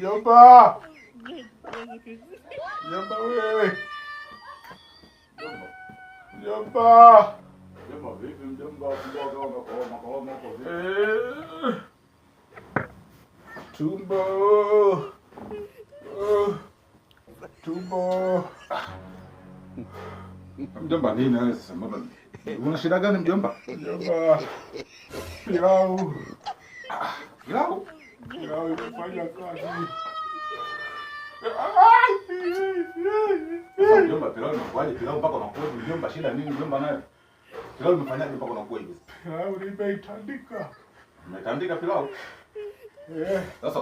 Jomba! Jomba wewe. Jomba. Jomba. Jomba vipi mjomba mboga unakooma kooma huko vipi? Tumbo. Tumbo. Mjomba nini wewe sasa? Mbona una shida gani mjomba? Mjomba. Pilau. Pilau. Pilau imefanya kazi. mjomba pilau inakuwaje? Pilau mpaka unakuwa mjomba shida nini mjomba nayo? Pilau imefanyaje mpaka unakuwa hivi? Pilau nimeitandika. Umetandika pilau? Eh. Sasa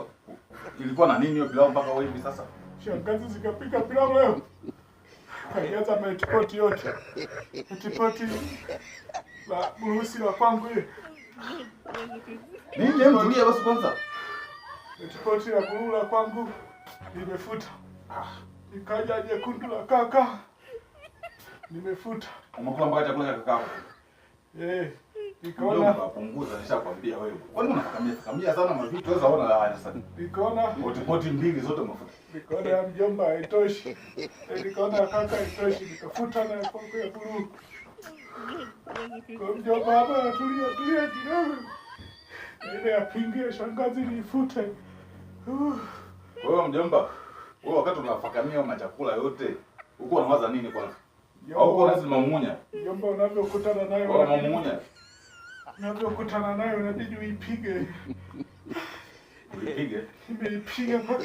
ilikuwa na nini hiyo pilau mpaka hivi sasa? Shangazi zikapika pilau leo kaijaza maetipoti yote, etipoti la burusi wa kwangu hiyo nini, mtulia basi kwanza. Etipoti la buluu la kwangu nimefuta, nikaja jekundu la kaka nimefuta. Umekula mpaka chakula cha kakao eh? Nikaona mbili zote mafuta. Nikaona mjomba haitoshi. Nikaona eh, kaka haitoshi nikafuta na kwangu ya buru. Kwa mjomba hapa tulia tulia kidogo. Ile ya pingi shangazi niifute. Wewe mjomba, wewe wakati unafakamia machakula yote, uko unawaza nini kwanza? Au uko lazima mumunya? Mjomba unavyokutana nayo. Mumunya unavyokutana nayo inabidi uipige. Uipige. mpaka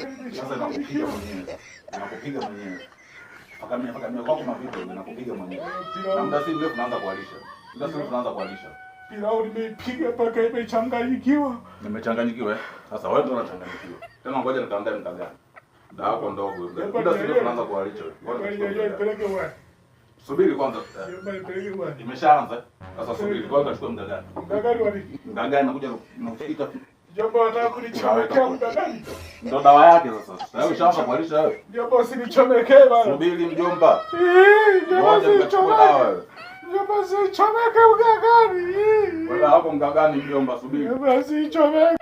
Pilau nimeipiga mpaka imechanganyikiwa. Nimechanganyikiwa eh? Sasa wewe ndio unachanganyikiwa. Tena ngoja nitaandaa mkagani. Dawa ndogo. Muda si mrefu naanza kualisha. Subiri kwanza eh. Imeshaanza. Sasa subiri kwanza kachukua mda gani? Muda gani wani? Muda gani nakuja nakufika tu. Jomba anataka kunichomekea muda gani? Ndio dawa yake sasa. Sasa wewe shamba kwalisha wewe. Jomba usinichomekee bana. Subiri mjomba. Jomba usinichomekee. Jambo usinichomekee muda gani? Wala hapo muda gani mjomba subiri. Jomba usinichomekee.